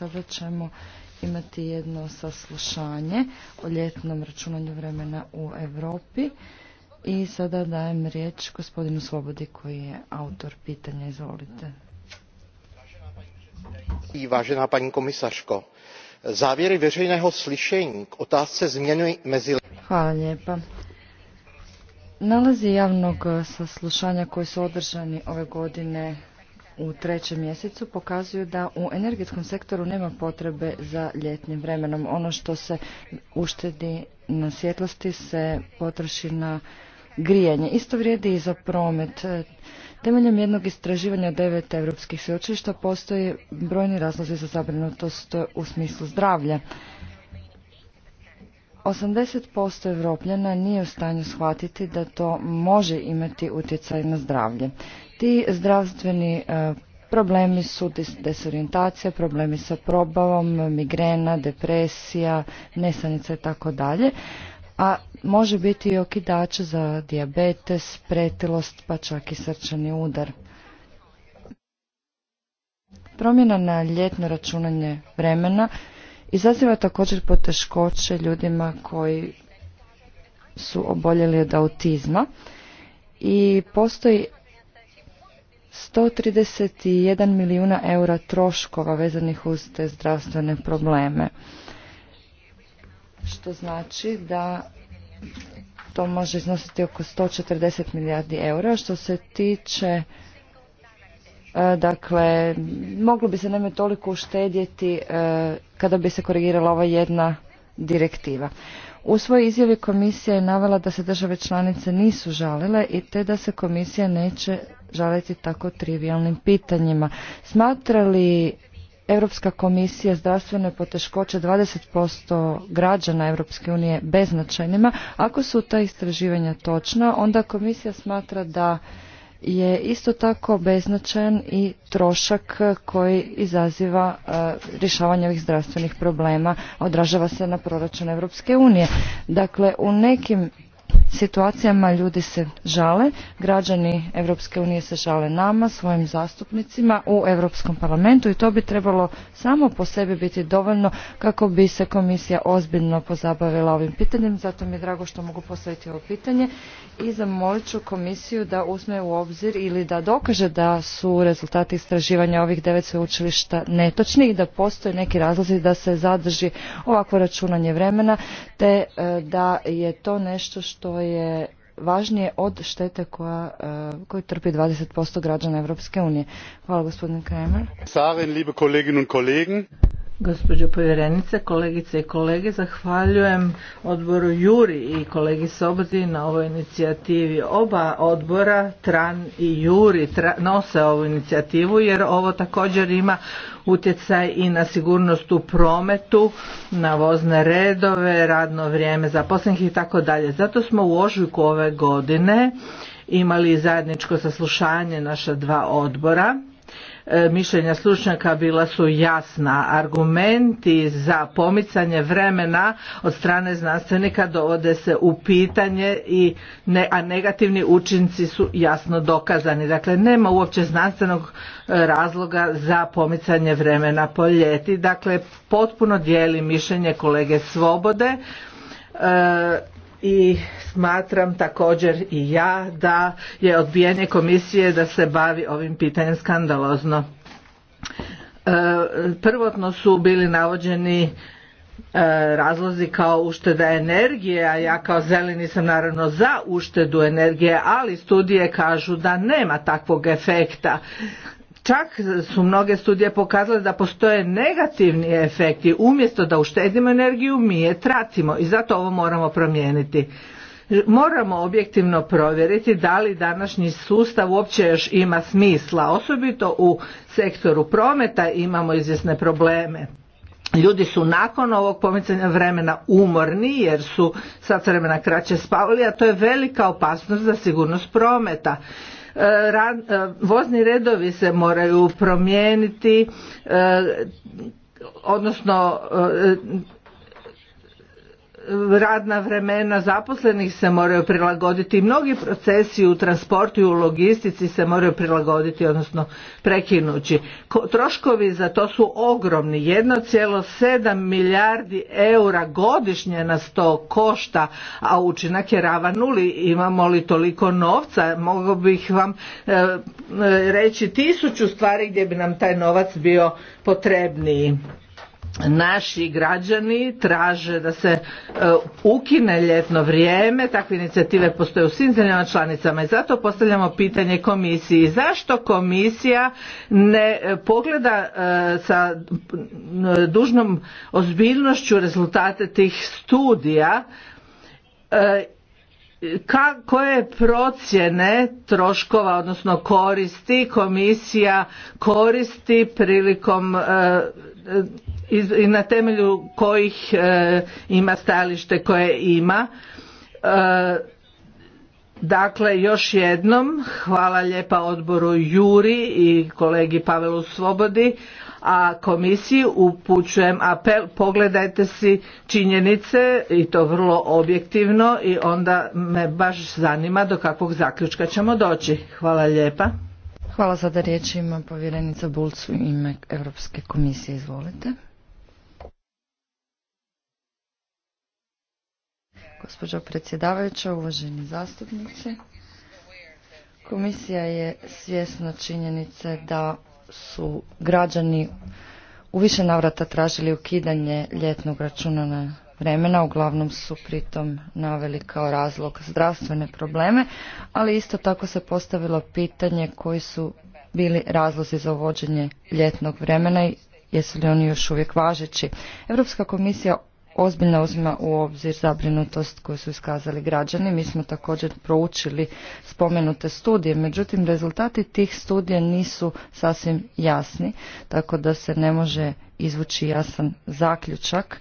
Sada ćemo imati jedno saslušanje o ljetnom računanju vremena u Europi i sada dajem riječ gospodinu Svobodi koji je autor pitanja. Izvolite. I vážená paní komisařko, závěry veřejného slyšení k otázce změny mezi... Hvala lijepa. Nalazi javnog saslušanja koji su održani ove godine u trećem mjesecu pokazuju da u energetskom sektoru nema potrebe za ljetnim vremenom. Ono što se uštedi na svjetlosti se potroši na grijanje. Isto vrijedi i za promet. Temeljem jednog istraživanja devet europskih sveučilišta postoje brojni razlozi za zabrinutost u smislu zdravlja. 80% Evropljana nije u stanju shvatiti da to može imati utjecaj na zdravlje. Ti zdravstveni e, problemi su desorientacija, problemi sa probavom, migrena, depresija, nesanica i tako dalje, a može biti i okidač za dijabetes, pretilost, pa čak i srčani udar. Promjena na ljetno računanje vremena Izaziva također poteškoće ljudima koji su oboljeli od autizma i postoji 131 milijuna eura troškova vezanih uz te zdravstvene probleme. Što znači da to može iznositi oko 140 milijardi eura. Što se tiče e, dakle, moglo bi se naime toliko uštedjeti e, kada bi se korigirala ova jedna direktiva. U svojoj izjavi komisija je navela da se države članice nisu žalile i te da se komisija neće žaliti tako trivialnim pitanjima. Smatra li Europska komisija zdravstvene poteškoće 20% građana Europske unije beznačajnima. Ako su ta istraživanja točna, onda komisija smatra da je isto tako beznačajan i trošak koji izaziva e, rješavanje ovih zdravstvenih problema, odražava se na proračun Europske unije. Dakle, u nekim situacijama ljudi se žale, građani Europske unije se žale nama, svojim zastupnicima u Europskom parlamentu i to bi trebalo samo po sebi biti dovoljno kako bi se komisija ozbiljno pozabavila ovim pitanjem. Zato mi je drago što mogu postaviti ovo pitanje i zamolit ću komisiju da uzme u obzir ili da dokaže da su rezultati istraživanja ovih devet sveučilišta netočni i da postoje neki razlozi da se zadrži ovakvo računanje vremena te e, da je to nešto što je važnije od štete koja, e, koju trpi 20% građana Europske unije. Hvala gospodine Kramer. liebe Kolleginnen und Kollegen. Gospođo povjerenice, kolegice i kolege, zahvaljujem odboru Juri i kolegi Sobozi na ovoj inicijativi. Oba odbora, Tran i Juri, nose ovu inicijativu jer ovo također ima utjecaj i na sigurnost u prometu, na vozne redove, radno vrijeme zaposlenih i tako dalje. Zato smo u ožujku ove godine imali zajedničko saslušanje naša dva odbora E, mišljenja stručnjaka bila su jasna. Argumenti za pomicanje vremena od strane znanstvenika dovode se u pitanje, i a negativni učinci su jasno dokazani. Dakle, nema uopće znanstvenog e, razloga za pomicanje vremena po ljeti. Dakle, potpuno dijeli mišljenje kolege Svobode. E, i smatram također i ja da je odbijanje komisije da se bavi ovim pitanjem skandalozno. E, prvotno su bili navođeni e, razlozi kao ušteda energije, a ja kao zeleni sam naravno za uštedu energije, ali studije kažu da nema takvog efekta. Čak su mnoge studije pokazale da postoje negativni efekti. Umjesto da uštedimo energiju, mi je tracimo i zato ovo moramo promijeniti. Moramo objektivno provjeriti da li današnji sustav uopće još ima smisla. Osobito u sektoru prometa imamo izvjesne probleme. Ljudi su nakon ovog pomicanja vremena umorni jer su sat vremena kraće spavali, a to je velika opasnost za sigurnost prometa. E, vozni redovi se moraju promijeniti e, odnosno e, radna vremena zaposlenih se moraju prilagoditi, i mnogi procesi u transportu i u logistici se moraju prilagoditi, odnosno prekinući. Troškovi za to su ogromni, 1,7 milijardi eura godišnje nas to košta, a učinak je rava nuli. Imamo li toliko novca? Mogu bih vam e, e, reći tisuću stvari gdje bi nam taj novac bio potrebniji naši građani traže da se e, ukine ljetno vrijeme, takve inicijative postoje u svim zemljama članicama i zato postavljamo pitanje komisiji zašto komisija ne e, pogleda e, sa dužnom ozbiljnošću rezultate tih studija koje procjene troškova odnosno koristi komisija koristi prilikom E, i na temelju kojih e, ima stajalište koje ima. E, dakle, još jednom hvala lijepa odboru Juri i kolegi Pavelu Svobodi, a komisiji upućujem apel, pogledajte si činjenice i to vrlo objektivno i onda me baš zanima do kakvog zaključka ćemo doći. Hvala lijepa. Hvala sada riječ ima povjerenica Bulcu ime Europske komisije. Izvolite. Gospođo predsjedavajuća, uvaženi zastupnici, komisija je svjesna činjenice da su građani u više navrata tražili ukidanje ljetnog računa na vremena, uglavnom su pritom naveli kao razlog zdravstvene probleme, ali isto tako se postavilo pitanje koji su bili razlozi za uvođenje ljetnog vremena i jesu li oni još uvijek važeći. Europska komisija ozbiljno uzima u obzir zabrinutost koju su iskazali građani. Mi smo također proučili spomenute studije, međutim rezultati tih studija nisu sasvim jasni, tako da se ne može izvući jasan zaključak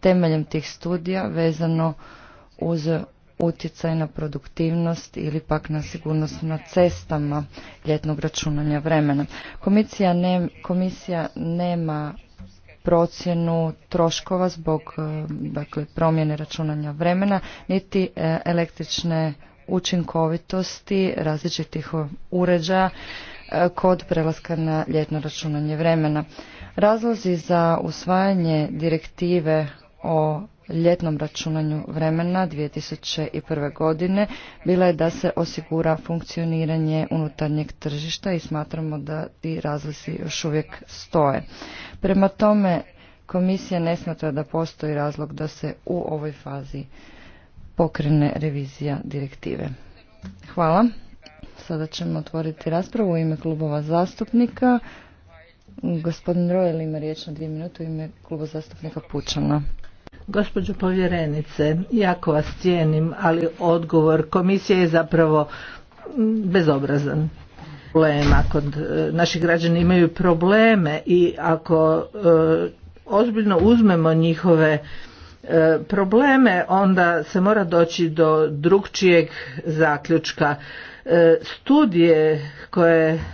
temeljem tih studija vezano uz utjecaj na produktivnost ili pak na sigurnost na cestama ljetnog računanja vremena. Komisija, ne, komisija nema procjenu troškova zbog e, dakle, promjene računanja vremena, niti e, električne učinkovitosti različitih uređaja e, kod prelaska na ljetno računanje vremena. Razlozi za usvajanje direktive o ljetnom računanju vremena 2001. godine bila je da se osigura funkcioniranje unutarnjeg tržišta i smatramo da ti razlisi još uvijek stoje. Prema tome, komisija ne smatra da postoji razlog da se u ovoj fazi pokrene revizija direktive. Hvala. Sada ćemo otvoriti raspravu u ime klubova zastupnika. Gospodin Rojel ima riječ na dvije minute u ime kluba zastupnika Pučana. Gospođo povjerenice, jako vas cijenim, ali odgovor komisije je zapravo bezobrazan problema kod e, naši građani imaju probleme i ako e, ozbiljno uzmemo njihove e, probleme onda se mora doći do drugčijeg zaključka studije koje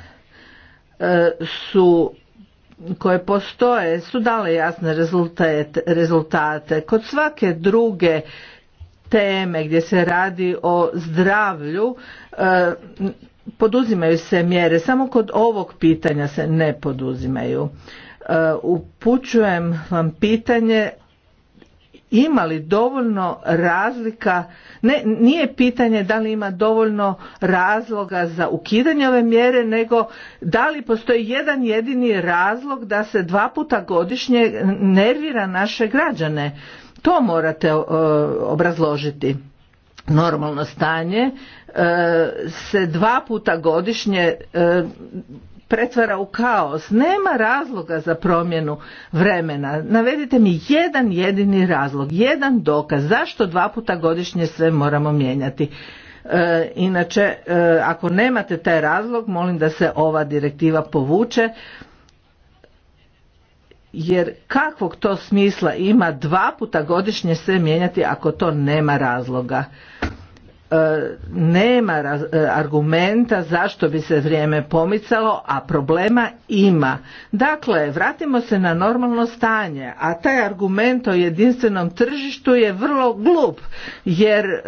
su koje postoje su dale jasne rezultate. Kod svake druge teme gdje se radi o zdravlju e, poduzimaju se mjere, samo kod ovog pitanja se ne poduzimaju. E, upućujem vam pitanje ima li dovoljno razlika, ne, nije pitanje da li ima dovoljno razloga za ukidanje ove mjere, nego da li postoji jedan jedini razlog da se dva puta godišnje nervira naše građane. To morate e, obrazložiti. Normalno stanje e, se dva puta godišnje e, pretvara u kaos. Nema razloga za promjenu vremena. Navedite mi jedan jedini razlog, jedan dokaz zašto dva puta godišnje sve moramo mijenjati. E, inače, e, ako nemate taj razlog, molim da se ova direktiva povuče jer kakvog to smisla ima dva puta godišnje sve mijenjati ako to nema razloga. E, nema e, argumenta zašto bi se vrijeme pomicalo, a problema ima. Dakle, vratimo se na normalno stanje, a taj argument o jedinstvenom tržištu je vrlo glup, jer e,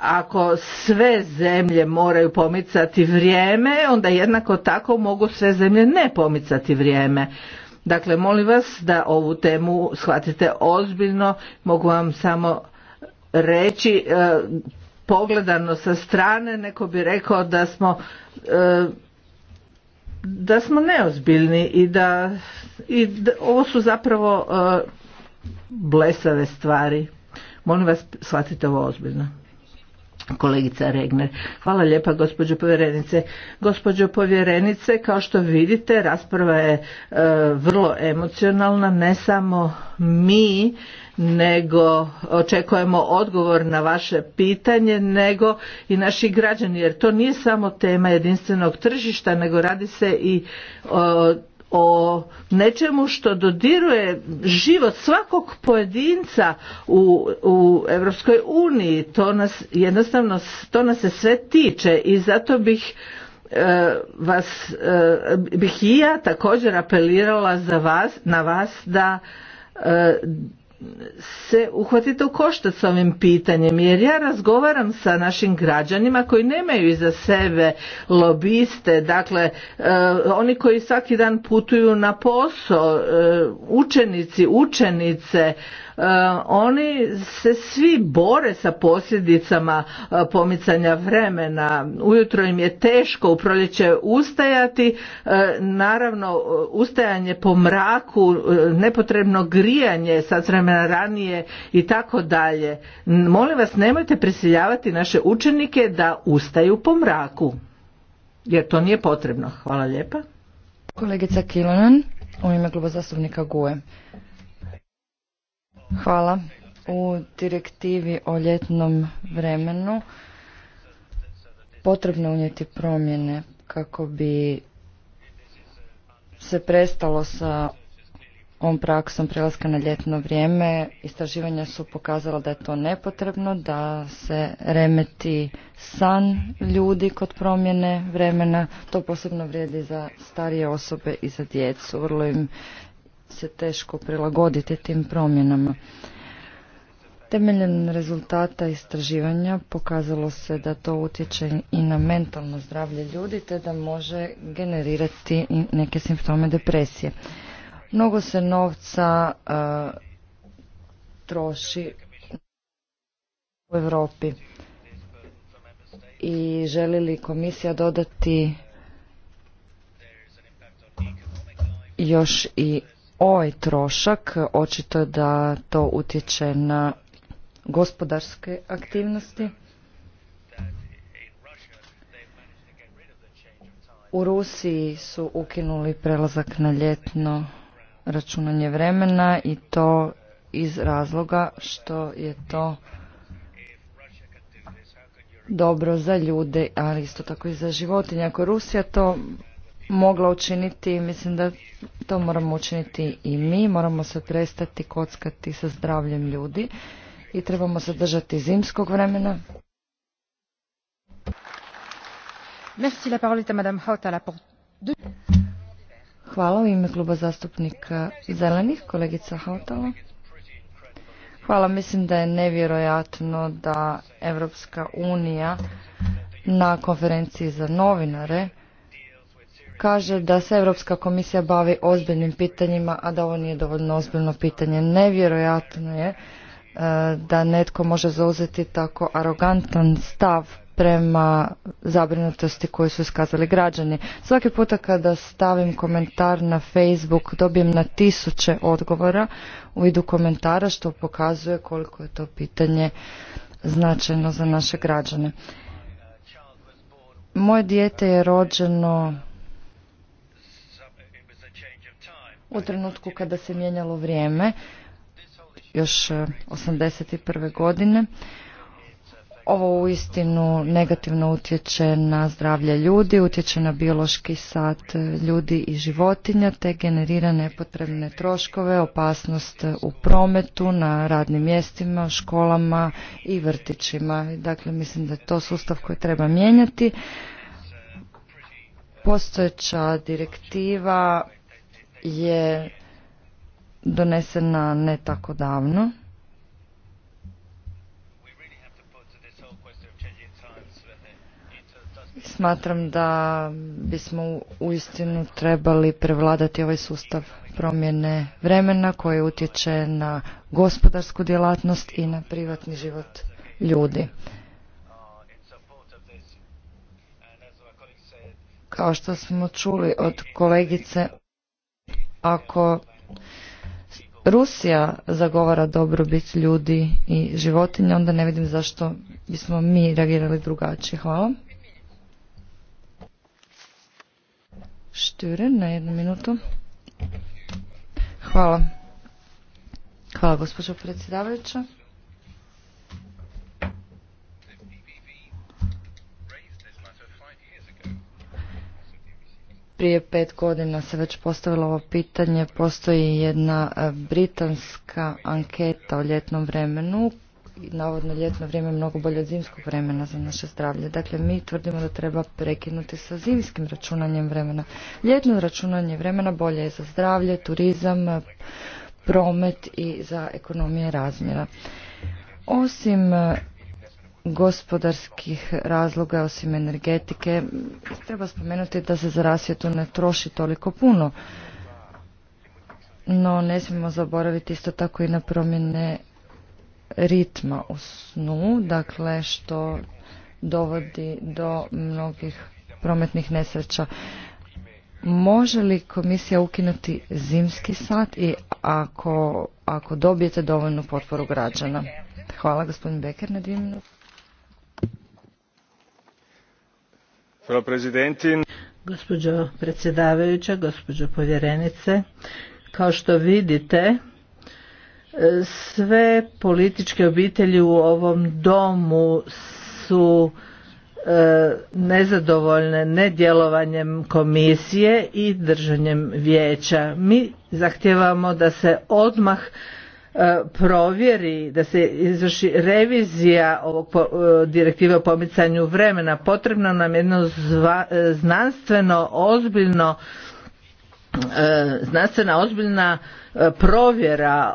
ako sve zemlje moraju pomicati vrijeme, onda jednako tako mogu sve zemlje ne pomicati vrijeme. Dakle, molim vas da ovu temu shvatite ozbiljno, mogu vam samo reći e, pogledano sa strane neko bi rekao da smo e, da smo neozbiljni i da, i ovo su zapravo e, blesave stvari molim vas shvatite ovo ozbiljno kolegica Regner. Hvala lijepa gospođo povjerenice. Gospođo povjerenice, kao što vidite, rasprava je vrlo emocionalna, ne samo mi nego očekujemo odgovor na vaše pitanje nego i naši građani jer to nije samo tema jedinstvenog tržišta nego radi se i o, nečemu što dodiruje život svakog pojedinca u, u Europskoj uniji to nas jednostavno to nas se sve tiče i zato bih e, vas e, bih i ja također apelirala za vas, na vas da e, se uhvatite u koštac s ovim pitanjem jer ja razgovaram sa našim građanima koji nemaju iza sebe lobiste, dakle e, oni koji svaki dan putuju na posao, e, učenici, učenice, E, oni se svi bore sa posljedicama e, pomicanja vremena. Ujutro im je teško, u proljeće ustajati, e, naravno ustajanje po mraku, nepotrebno grijanje sa vremena ranije i tako dalje. Molim vas nemojte prisiljavati naše učenike da ustaju po mraku. Jer to nije potrebno. Hvala lijepa. Kolegica Kilonan, u ime kluba GUE. Hvala. U direktivi o ljetnom vremenu potrebno unijeti promjene kako bi se prestalo sa ovom praksom prelaska na ljetno vrijeme. Istraživanja su pokazala da je to nepotrebno, da se remeti san ljudi kod promjene vremena. To posebno vrijedi za starije osobe i za djecu. Vrlo im se teško prilagoditi tim promjenama. Temeljem rezultata istraživanja pokazalo se da to utječe i na mentalno zdravlje ljudi te da može generirati neke simptome depresije. Mnogo se novca troši u Europi i želi li komisija dodati još i ovaj trošak, očito da to utječe na gospodarske aktivnosti. U Rusiji su ukinuli prelazak na ljetno računanje vremena i to iz razloga što je to dobro za ljude, ali isto tako i za životinje. Ako Rusija to mogla učiniti, mislim da to moramo učiniti i mi, moramo se prestati kockati sa zdravljem ljudi i trebamo se držati zimskog vremena. Merci la Hvala u ime kluba zastupnika Zelenih, kolegica Hautala. Hvala, mislim da je nevjerojatno da Evropska unija na konferenciji za novinare kaže da se Europska komisija bavi ozbiljnim pitanjima, a da ovo nije dovoljno ozbiljno pitanje. Nevjerojatno je e, da netko može zauzeti tako arogantan stav prema zabrinutosti koju su iskazali građani. Svaki puta kada stavim komentar na Facebook dobijem na tisuće odgovora u vidu komentara što pokazuje koliko je to pitanje značajno za naše građane. Moje dijete je rođeno u trenutku kada se mijenjalo vrijeme, još 81. E, godine. Ovo u istinu negativno utječe na zdravlje ljudi, utječe na biološki sat e, ljudi i životinja, te generira nepotrebne troškove, opasnost e, u prometu, na radnim mjestima, školama i vrtićima. Dakle, mislim da je to sustav koji treba mijenjati. Postojeća direktiva je donesena ne tako davno. Smatram da bismo uistinu trebali prevladati ovaj sustav promjene vremena koji utječe na gospodarsku djelatnost i na privatni život ljudi. Kao što smo čuli od kolegice ako Rusija zagovara dobrobit ljudi i životinja, onda ne vidim zašto bismo mi reagirali drugačije. Hvala. na jednu minutu. Hvala. Hvala, gospođo predsjedavajuća. prije pet godina se već postavilo ovo pitanje, postoji jedna e, britanska anketa o ljetnom vremenu, navodno ljetno vrijeme je mnogo bolje od zimskog vremena za naše zdravlje. Dakle, mi tvrdimo da treba prekinuti sa zimskim računanjem vremena. Ljetno računanje vremena bolje je za zdravlje, turizam, e, promet i za ekonomije razmjera. Osim e, gospodarskih razloga osim energetike treba spomenuti da se za rasvjetu ne troši toliko puno no ne smijemo zaboraviti isto tako i na promjene ritma u snu dakle što dovodi do mnogih prometnih nesreća može li komisija ukinuti zimski sat i ako, ako dobijete dovoljnu potporu građana hvala gospodin Beker na dvije minute Gospođo predsjedavajuća, gospođo povjerenice, kao što vidite, e, sve političke obitelji u ovom domu su e, nezadovoljne nedjelovanjem komisije i držanjem vijeća. Mi zahtijevamo da se odmah E, provjeri da se izvrši revizija ovog e, direktive o pomicanju vremena potrebno nam jedno e, znanstveno ozbiljno znanstvena ozbiljna provjera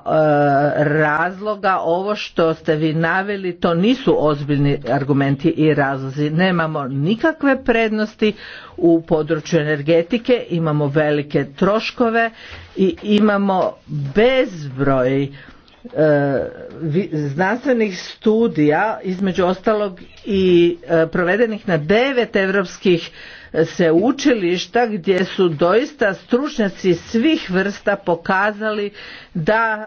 razloga ovo što ste vi naveli to nisu ozbiljni argumenti i razlozi nemamo nikakve prednosti u području energetike imamo velike troškove i imamo bezbroj E, znanstvenih studija između ostalog i e, provedenih na devet europskih e, učilišta gdje su doista stručnjaci svih vrsta pokazali da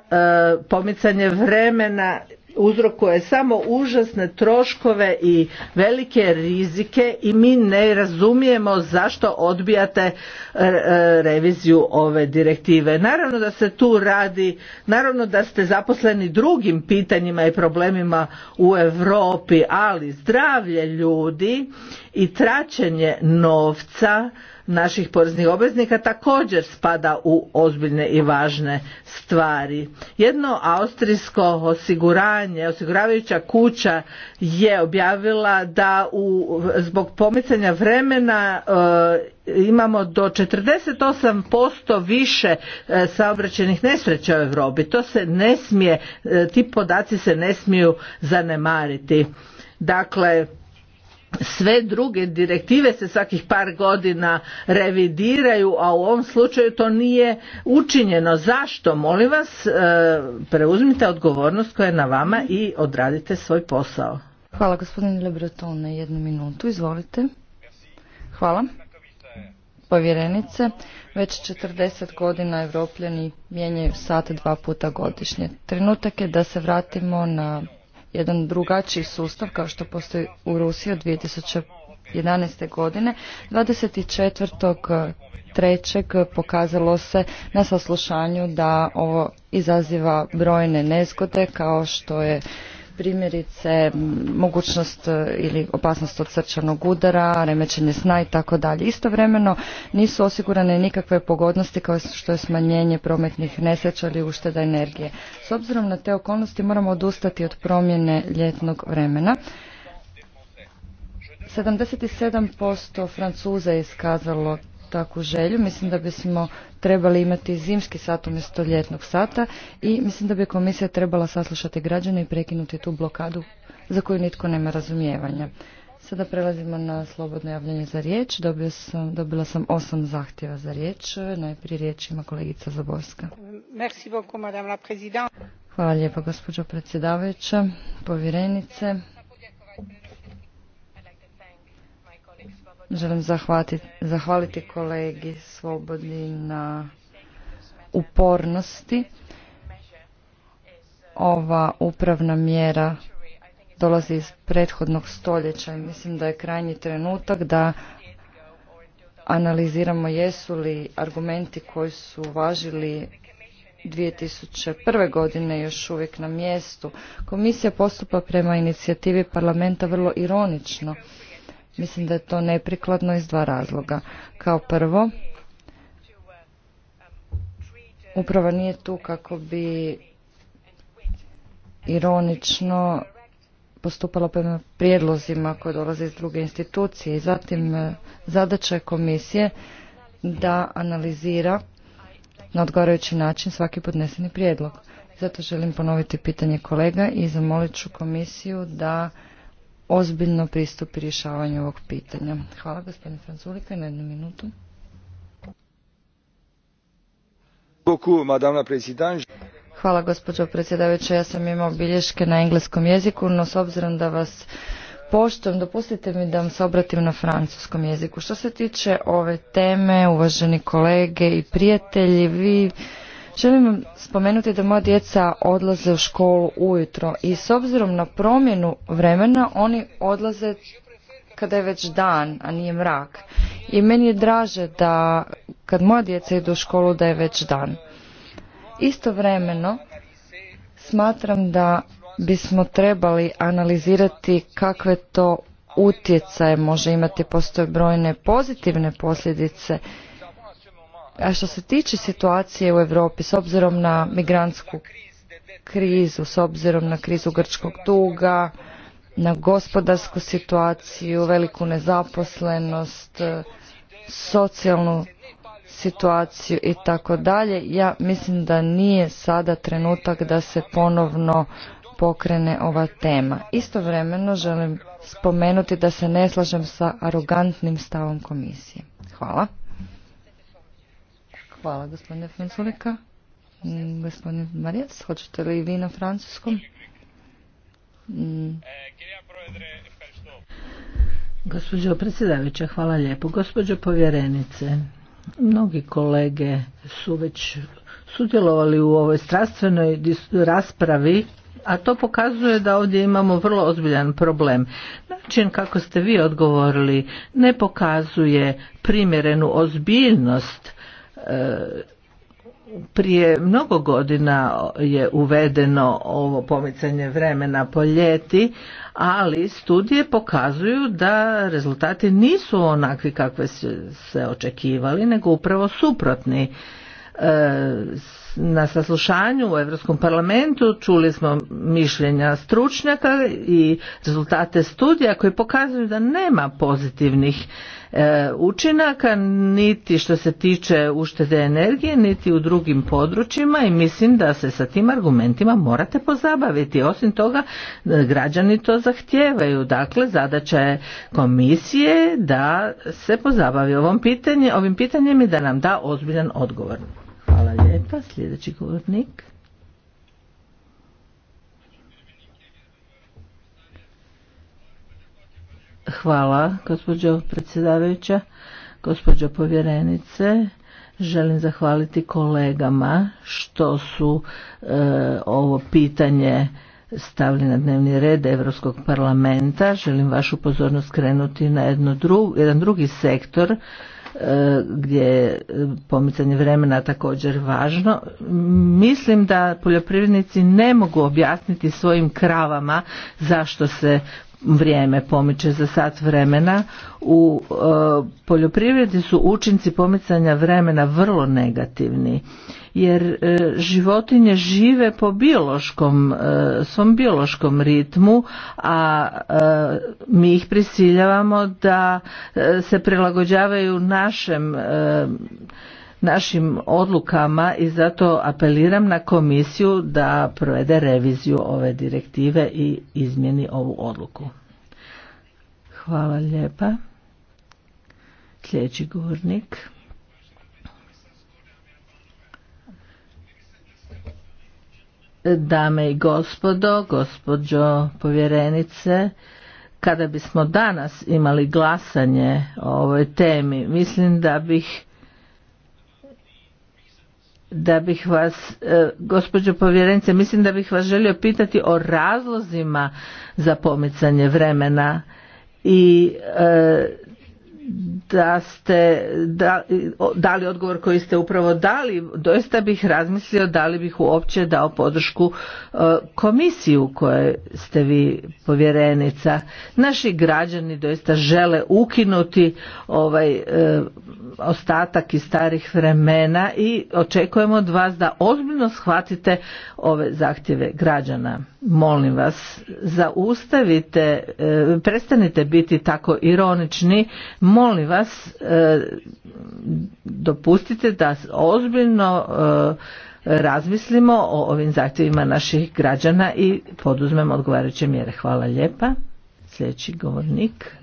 pomicanje vremena uzrokuje samo užasne troškove i velike rizike i mi ne razumijemo zašto odbijate e, e, reviziju ove direktive. Naravno da se tu radi, naravno da ste zaposleni drugim pitanjima i problemima u Europi, ali zdravlje ljudi i traćenje novca naših poreznih obveznika također spada u ozbiljne i važne stvari. Jedno austrijsko osiguranje, osiguravajuća kuća je objavila da u, zbog pomicanja vremena e, imamo do 48% više e, saobraćenih nesreća u Europi. To se ne smije, e, ti podaci se ne smiju zanemariti. Dakle, sve druge direktive se svakih par godina revidiraju, a u ovom slučaju to nije učinjeno. Zašto? Molim vas, e, preuzmite odgovornost koja je na vama i odradite svoj posao. Hvala gospodine Lebreton na jednu minutu, izvolite. Hvala. Povjerenice, već 40 godina Evropljani mijenjaju sat dva puta godišnje. Trenutak je da se vratimo na jedan drugačiji sustav kao što postoji u Rusiji od 2011. godine. 24.3. pokazalo se na saslušanju da ovo izaziva brojne nezgode kao što je primjerice mogućnost e, ili opasnost od srčanog udara, remećenje sna i tako dalje. Istovremeno nisu osigurane nikakve pogodnosti kao što je smanjenje prometnih nesreća ili ušteda energije. S obzirom na te okolnosti moramo odustati od promjene ljetnog vremena. 77% Francuza je iskazalo takvu želju. Mislim da bismo trebali imati zimski sat umjesto ljetnog sata i mislim da bi komisija trebala saslušati građane i prekinuti tu blokadu za koju nitko nema razumijevanja. Sada prelazimo na slobodno javljanje za riječ. sam, dobila sam osam zahtjeva za riječ. Najprije riječ ima kolegica Zaborska. Hvala lijepa gospođo predsjedavajuća, povjerenice, Želim zahvaliti kolegi Svobodi na upornosti. Ova upravna mjera dolazi iz prethodnog stoljeća i mislim da je krajnji trenutak da analiziramo jesu li argumenti koji su važili 2001. godine još uvijek na mjestu. Komisija postupa prema inicijativi parlamenta vrlo ironično Mislim da je to neprikladno iz dva razloga. Kao prvo, uprava nije tu kako bi ironično postupala prema prijedlozima koje dolaze iz druge institucije. I zatim e, zadaća je komisije da analizira na odgovarajući način svaki podneseni prijedlog. Zato želim ponoviti pitanje kolega i zamolit ću komisiju da ozbiljno pristupi rješavanju ovog pitanja. Hvala gospodine Franculika na jednu minutu. Hvala gospođo predsjedavajuća, ja sam imao bilješke na engleskom jeziku, no s obzirom da vas poštujem, dopustite mi da vam se obratim na francuskom jeziku. Što se tiče ove teme, uvaženi kolege i prijatelji, vi Želim vam spomenuti da moja djeca odlaze u školu ujutro i s obzirom na promjenu vremena oni odlaze kada je već dan, a nije mrak. I meni je draže da kad moja djeca idu u školu da je već dan. Istovremeno smatram da bismo trebali analizirati kakve to utjecaje može imati, postoje brojne pozitivne posljedice a što se tiče situacije u Europi s obzirom na migrantsku krizu, s obzirom na krizu grčkog duga, na gospodarsku situaciju, veliku nezaposlenost, socijalnu situaciju i tako dalje. Ja mislim da nije sada trenutak da se ponovno pokrene ova tema. Istovremeno želim spomenuti da se ne slažem sa arogantnim stavom komisije. Hvala. Hvala gospodine Fenzulika. Gospodin Marijas, hoćete li i vi na francuskom? Mm. Gospođo predsjedavajuća, hvala lijepo. Gospođo povjerenice, mnogi kolege su već sudjelovali u ovoj strastvenoj raspravi, a to pokazuje da ovdje imamo vrlo ozbiljan problem. Način kako ste vi odgovorili ne pokazuje primjerenu ozbiljnost prije mnogo godina je uvedeno ovo pomicanje vremena po ljeti, ali studije pokazuju da rezultati nisu onakvi kakve se očekivali, nego upravo suprotni. E, na saslušanju u Europskom parlamentu čuli smo mišljenja stručnjaka i rezultate studija koji pokazuju da nema pozitivnih e, učinaka niti što se tiče uštede energije niti u drugim područjima i mislim da se sa tim argumentima morate pozabaviti. Osim toga građani to zahtijevaju. Dakle, zadaća je komisije da se pozabavi ovom pitanje, ovim pitanjem i da nam da ozbiljan odgovor lijepa. Sljedeći govornik. Hvala, gospođo predsjedavajuća, gospođo povjerenice. Želim zahvaliti kolegama što su e, ovo pitanje stavili na dnevni red Europskog parlamenta. Želim vašu pozornost krenuti na jedno dru, jedan drugi sektor gdje je e, pomicanje vremena također važno. Mislim da poljoprivrednici ne mogu objasniti svojim kravama zašto se vrijeme pomiče za sat vremena. U e, poljoprivredi su učinci pomicanja vremena vrlo negativni jer e, životinje žive po biološkom, e, svom biološkom ritmu, a mi ih prisiljavamo da se prilagođavaju našem našim odlukama i zato apeliram na komisiju da provede reviziju ove direktive i izmjeni ovu odluku. Hvala lijepa. Sljedeći govornik. Dame i gospodo, gospođo povjerenice, kada bismo danas imali glasanje o ovoj temi, mislim da bih da bih vas, e, gospođo povjerenice, mislim da bih vas želio pitati o razlozima za pomicanje vremena i e, da ste dali odgovor koji ste upravo dali, doista bih razmislio da li bih uopće dao podršku e, komisiju kojoj ste vi povjerenica. Naši građani doista žele ukinuti ovaj e, ostatak iz starih vremena i očekujemo od vas da ozbiljno shvatite ove zahtjeve građana. Molim vas, zaustavite, e, prestanite biti tako ironični, molim vas e, dopustite da ozbiljno e, razmislimo o ovim zahtjevima naših građana i poduzmemo odgovarajuće mjere. Hvala lijepa. Sljedeći govornik.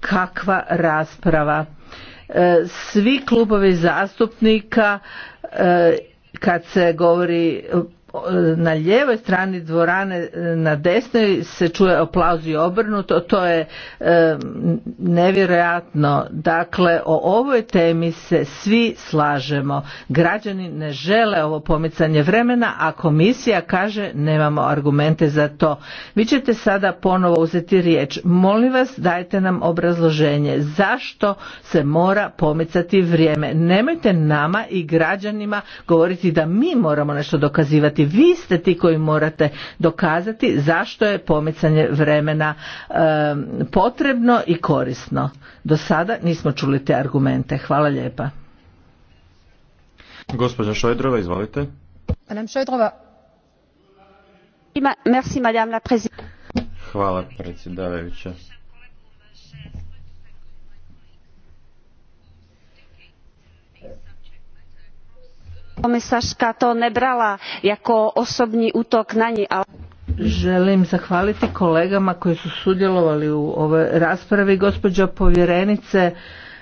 Kakva rasprava. E, svi klubovi zastupnika kad se govori E, na lijevoj strani dvorane e, na desnoj se čuje aplauz i obrnuto to je e, nevjerojatno dakle o ovoj temi se svi slažemo građani ne žele ovo pomicanje vremena a komisija kaže nemamo argumente za to vi ćete sada ponovo uzeti riječ molim vas dajte nam obrazloženje zašto se mora pomicati vrijeme nemojte nama i građanima govoriti da mi moramo nešto dokazivati biti Vi ste ti koji morate dokazati zašto je pomicanje vremena e, potrebno i korisno. Do sada nismo čuli te argumente. Hvala lijepa. Gospođa Šojdrova, izvolite. Madame Šojdrova. Ima, merci, madame la Hvala predsjedavajuća. Komisarska to ne brala jako osobni utok na nji. Ali... Želim zahvaliti kolegama koji su sudjelovali u ovoj raspravi. Gospođo povjerenice,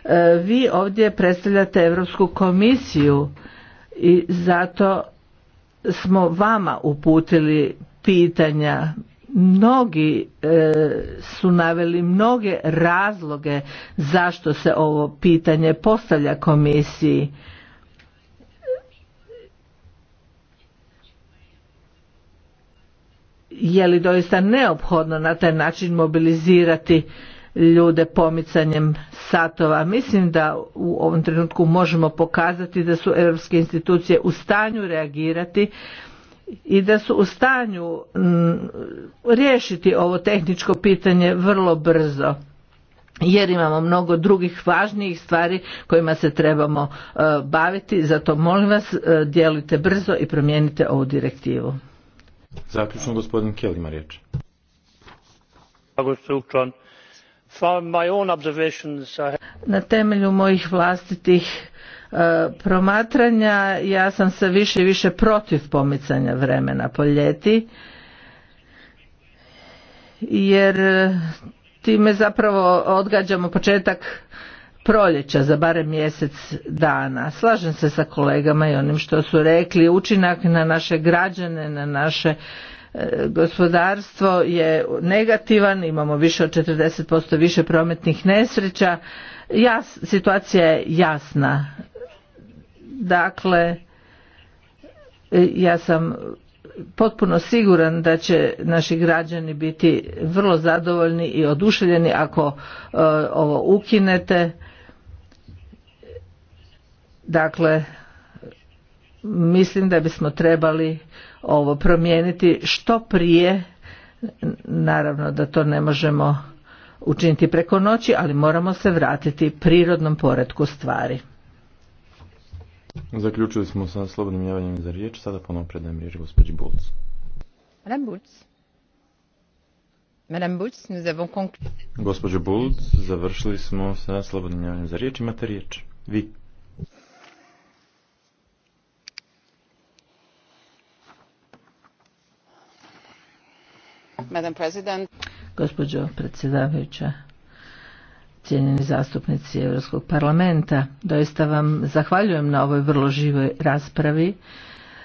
e, vi ovdje predstavljate Europsku komisiju i zato smo vama uputili pitanja mnogi e, su naveli mnoge razloge zašto se ovo pitanje postavlja komisiji je li doista neophodno na taj način mobilizirati ljude pomicanjem satova. Mislim da u ovom trenutku možemo pokazati da su europske institucije u stanju reagirati i da su u stanju mm, riješiti ovo tehničko pitanje vrlo brzo jer imamo mnogo drugih važnijih stvari kojima se trebamo e, baviti zato molim vas e, djelujte brzo i promijenite ovu direktivu Zaključno gospodin Kelly ima riječ. Na temelju mojih vlastitih e, promatranja ja sam se više i više protiv pomicanja vremena po ljeti jer e, time zapravo odgađamo početak proljeća za barem mjesec dana. Slažem se sa kolegama i onim što su rekli, učinak na naše građane, na naše e, gospodarstvo je negativan, imamo više od 40% više prometnih nesreća. Jas, situacija je jasna. Dakle, e, ja sam potpuno siguran da će naši građani biti vrlo zadovoljni i oduševljeni ako e, ovo ukinete Dakle, mislim da bismo trebali ovo promijeniti što prije, naravno da to ne možemo učiniti preko noći, ali moramo se vratiti prirodnom poredku stvari. Zaključili smo sa slobodnim javanjem za riječ, sada ponovno predajem riječ gospođi Bulc. Madame Bulc. Madame Bulc, nous avons conclu... Gospođo Bulc, završili smo sa slobodnim javanjem za riječ, imate riječ. Vi. Madam Gospođo predsjedavajuća, cijenjeni zastupnici Europskog parlamenta, doista vam zahvaljujem na ovoj vrlo živoj raspravi.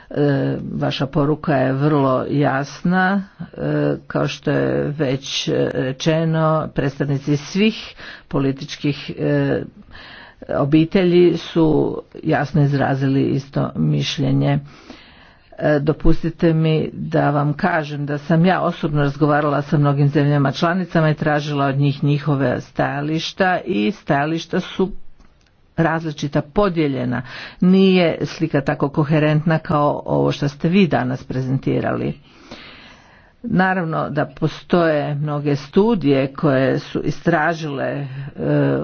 E, vaša poruka je vrlo jasna, e, kao što je već rečeno, predstavnici svih političkih e, obitelji su jasno izrazili isto mišljenje E, dopustite mi da vam kažem da sam ja osobno razgovarala sa mnogim zemljama članicama i tražila od njih njihove stajališta i stajališta su različita podijeljena nije slika tako koherentna kao ovo što ste vi danas prezentirali Naravno da postoje mnoge studije koje su istražile e,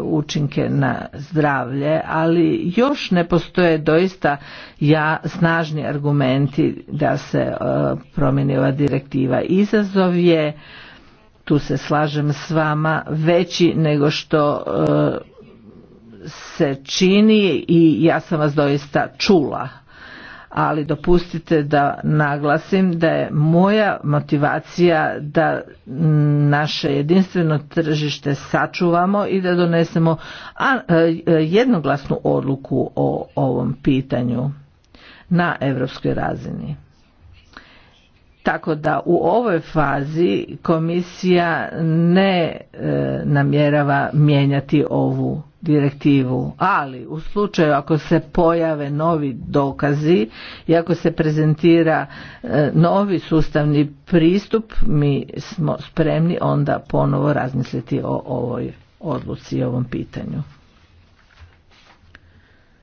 učinke na zdravlje, ali još ne postoje doista ja snažni argumenti da se e, promijeni ova direktiva. Izazov je, tu se slažem s vama, veći nego što e, se čini i ja sam vas doista čula ali dopustite da naglasim da je moja motivacija da naše jedinstveno tržište sačuvamo i da donesemo e, jednoglasnu odluku o ovom pitanju na europskoj razini. Tako da u ovoj fazi komisija ne e, namjerava mijenjati ovu direktivu, ali u slučaju ako se pojave novi dokazi i ako se prezentira e, novi sustavni pristup, mi smo spremni onda ponovo razmisliti o ovoj odluci i ovom pitanju.